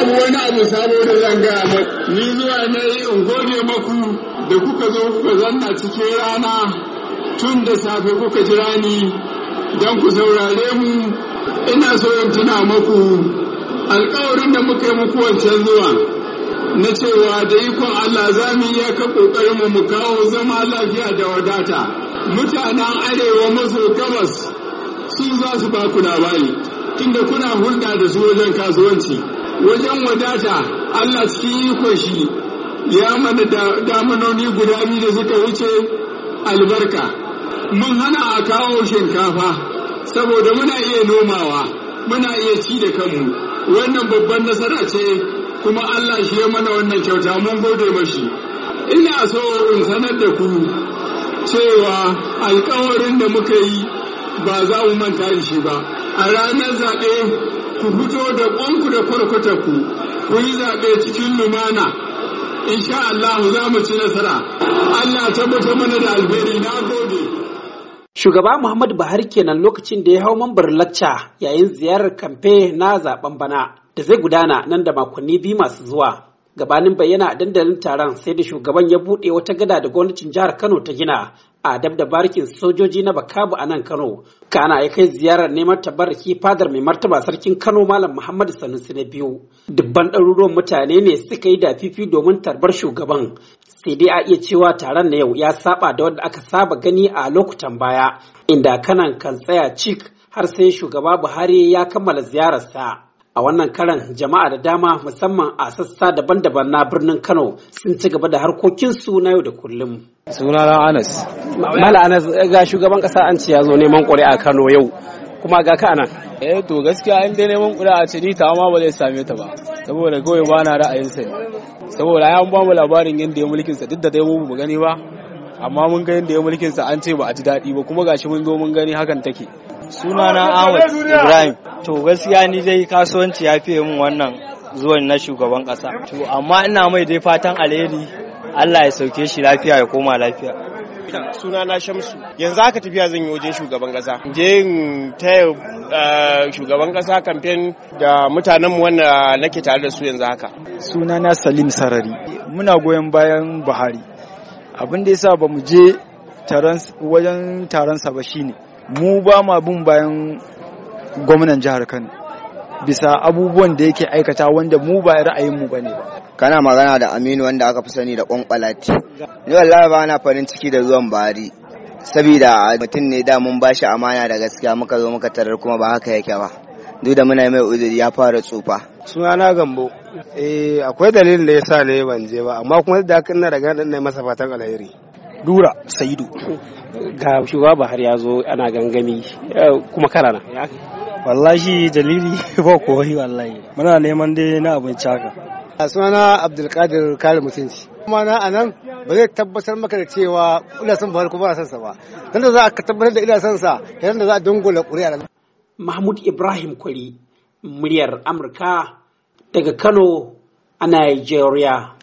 babu wani abu sabo da zan gaya muku ni zuwa na yi in gode maku da kuka zo kuka zanna cikin rana tun da safe kuka jira ni don ku saurare mu ina so in tuna maku alkawarin da muka yi muku wancan zuwa na cewa da ikon Allah za mu iya ka kokarin mu kawo zama lafiya da wadata mutanen arewa maso gabas sun za su ba ku labari tunda kuna hulɗa da su wajen kasuwanci wajen wadata Allah cikin ikon shi ya mana damanoni guda biyu da suka wuce albarka mun hana a kawo shinkafa saboda muna iya nomawa muna iya ci da kanmu wannan babban nasara ce kuma Allah shi ya mana wannan kyauta mun gode mashi ina so in sanar da ku cewa alkawarin da muka yi ba za mu manta shi ba a ranar zaɓe ku fito da ƙwanku da kwarkwata ku yi zaɓe cikin lumana insha Allah za mu ci nasara Allah tabbata mana da alheri na gode Shugaba Muhammadu Buhari kenan lokacin da ya hau mambar lacca yayin ziyarar kamfe na zaben bana da zai gudana nan da makonni biyu masu zuwa. gabanin bayyana a dandalin taron sai da shugaban ya buɗe wata gada da gwamnatin jihar kano ta gina a dab da barikin sojoji na bakabu a nan kano kana ya kai ziyarar neman tabarraki fadar mai martaba sarkin kano malam muhammadu sanusi na biyu dubban ɗaruruwan mutane ne suka yi da fifi domin tarbar shugaban sai dai a iya cewa taron na yau ya saba da wanda aka saba gani a lokutan baya inda kanan kan tsaya cik har sai shugaba buhari ya kammala ziyararsa A wannan karan jama'a da dama musamman a sassa daban-daban na birnin Kano sun ci gaba da harkokinsu na yau da kullum. Sunana Anas. Mala Anas eh, ga shugaban kasa an ce ya zo neman ƙuri'a Kano yau kuma ga ka nan. Eh to gaskiya in dai neman ƙuri'a ce ni ta ma ba zai same ta ba saboda kawai ba na ra'ayinsa ne. Saboda ya ba mu labarin yadda ya mulkin sa duk da dai mu ba gani ba amma mun ga yadda ya mulkin sa an ce ba a ji daɗi ba kuma gashi mun zo mun gani hakan take. sunana Ahmad Ibrahim to gaskiya ni dai kasuwanci ya fiye min wannan zuwan na shugaban kasa to amma ina mai dai fatan alheri Allah ya sauke shi lafiya ya koma lafiya sunana Shamsu yanzu haka tafiya zan yi wajen shugaban kasa je in taya eh, shugaban kasa kamfen da mutanen mu wanda nake tare da su yanzu haka sunana Salim Sarari muna goyon bayan Buhari abin da yasa ba mu je wajen taron sa ba shine mu ba ma bin bayan gwamnan jihar kano bisa abubuwan da yake aikata wanda mu ba ra'ayin mu ne ba kana magana da aminu wanda aka fi sani da kwankwalati ni wallahi ba na farin ciki da zuwan bari saboda mutum ne da mun bashi amana da gaskiya muka zo muka tarar kuma ba haka yake ba duk da muna mai uzuri ya fara tsufa sunana gambo eh akwai dalilin da yasa ne ban je ba amma kuma da haka na da ganin ne masa fatan alheri dura saidu ga shugaba bahar ya zo ana gangami eh, kuma karana wallahi jalili ba kowai wallahi muna neman dai na abinci haka a sunana abdulkadir kare mutunci kuma na anan ba zai tabbatar maka da cewa ina son bahar ko ba son sa ba dan da za ka tabbatar da ina son sa yayin da za a dungula ƙuri'a Mahmud Ibrahim Kwari muryar Amurka daga Kano a Nigeria